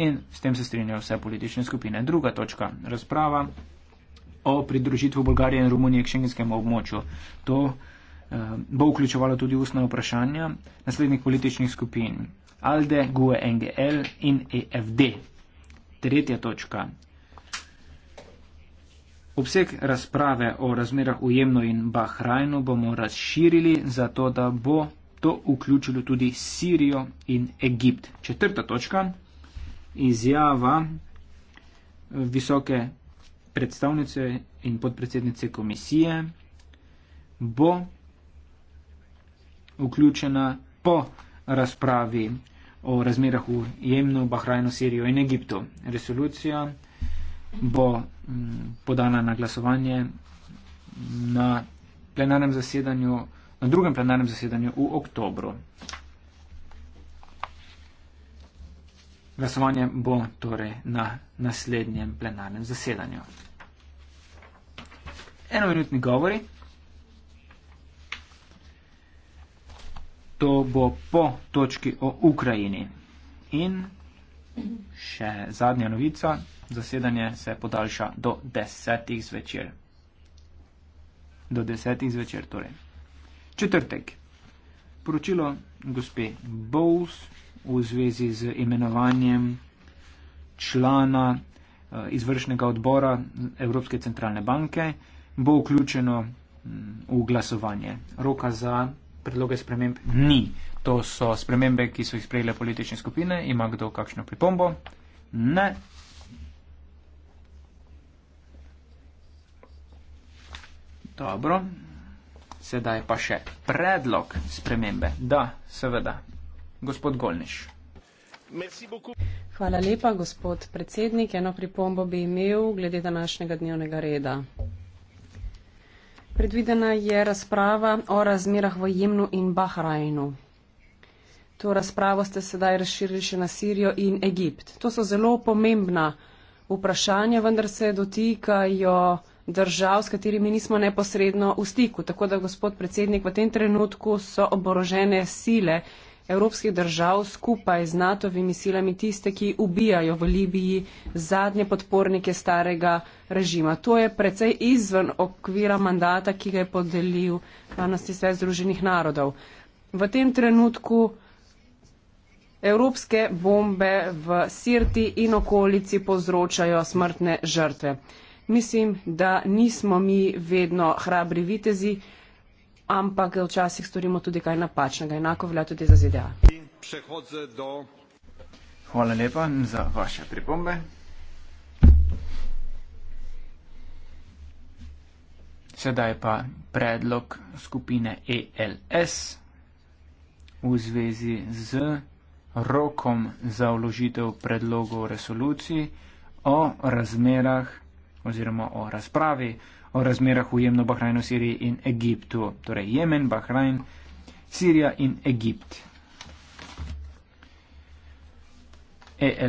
in s tem se strinjajo vse politične skupine. Druga točka, razprava o pridružitvi Bolgarije in Romunije k šengenskemu območju. To eh, bo vključevalo tudi ustna vprašanja naslednjih političnih skupin ALDE, GUE, NGL in EFD. Tretja točka. Obseg razprave o razmerah v Jemnu in Bahrajnu bomo razširili zato, da bo to vključilo tudi Sirijo in Egipt. Četrta točka izjava eh, visoke predstavnice in podpredsednice komisije bo vključena po razpravi o razmerah v Jemnu, Bahrajnu, Sirijo in Egiptu. Resolucija bo mm, podana na glasovanje na, plenarnem zasedanju, na drugem plenarnem zasedanju v oktobru. Glasovanje bo torej na naslednjem plenarnem zasedanju. Eno minutni govori. To bo po točki o Ukrajini. In še zadnja novica. Zasedanje se podaljša do desetih zvečer. Do desetih zvečer torej. Četrtek. Poročilo gospe Bowles v zvezi z imenovanjem člana eh, izvršnega odbora Evropske centralne banke, bo vključeno mm, v glasovanje. Roka za predloge sprememb ni. To so spremembe, ki so jih sprejele politične skupine. Ima kdo kakšno pripombo? Ne. Dobro. Sedaj pa še predlog spremembe. Da, seveda gospod Golneš. Hvala lepa, gospod predsednik. Eno pripombo bi imel glede današnjega dnevnega reda. Predvidena je razprava o razmerah v Jemnu in Bahrajnu. To razpravo ste sedaj razširili še na Sirijo in Egipt. To so zelo pomembna vprašanja, vendar se dotikajo držav, s katerimi nismo neposredno v stiku. Tako da, gospod predsednik, v tem trenutku so oborožene sile evropskih držav skupaj z NATO-vimi silami tiste, ki ubijajo v Libiji zadnje podpornike starega režima. To je precej izven okvira mandata, ki ga je podelil Hrvatski eh, svet Združenih narodov. V tem trenutku evropske bombe v Sirti in okolici povzročajo smrtne žrtve. Mislim, da nismo mi vedno hrabri vitezi ampak včasih storimo tudi kaj napačnega. Enako velja tudi za ZDA. Hvala lepa za vaše pripombe. Sedaj pa predlog skupine ELS v zvezi z rokom za vložitev predlogov resolucij o razmerah oziroma o razpravi o razmerah v Jemnu, Bahrajnu, Siriji in Egiptu. Torej Jemen, Bahrajn, Sirija in Egipt. EL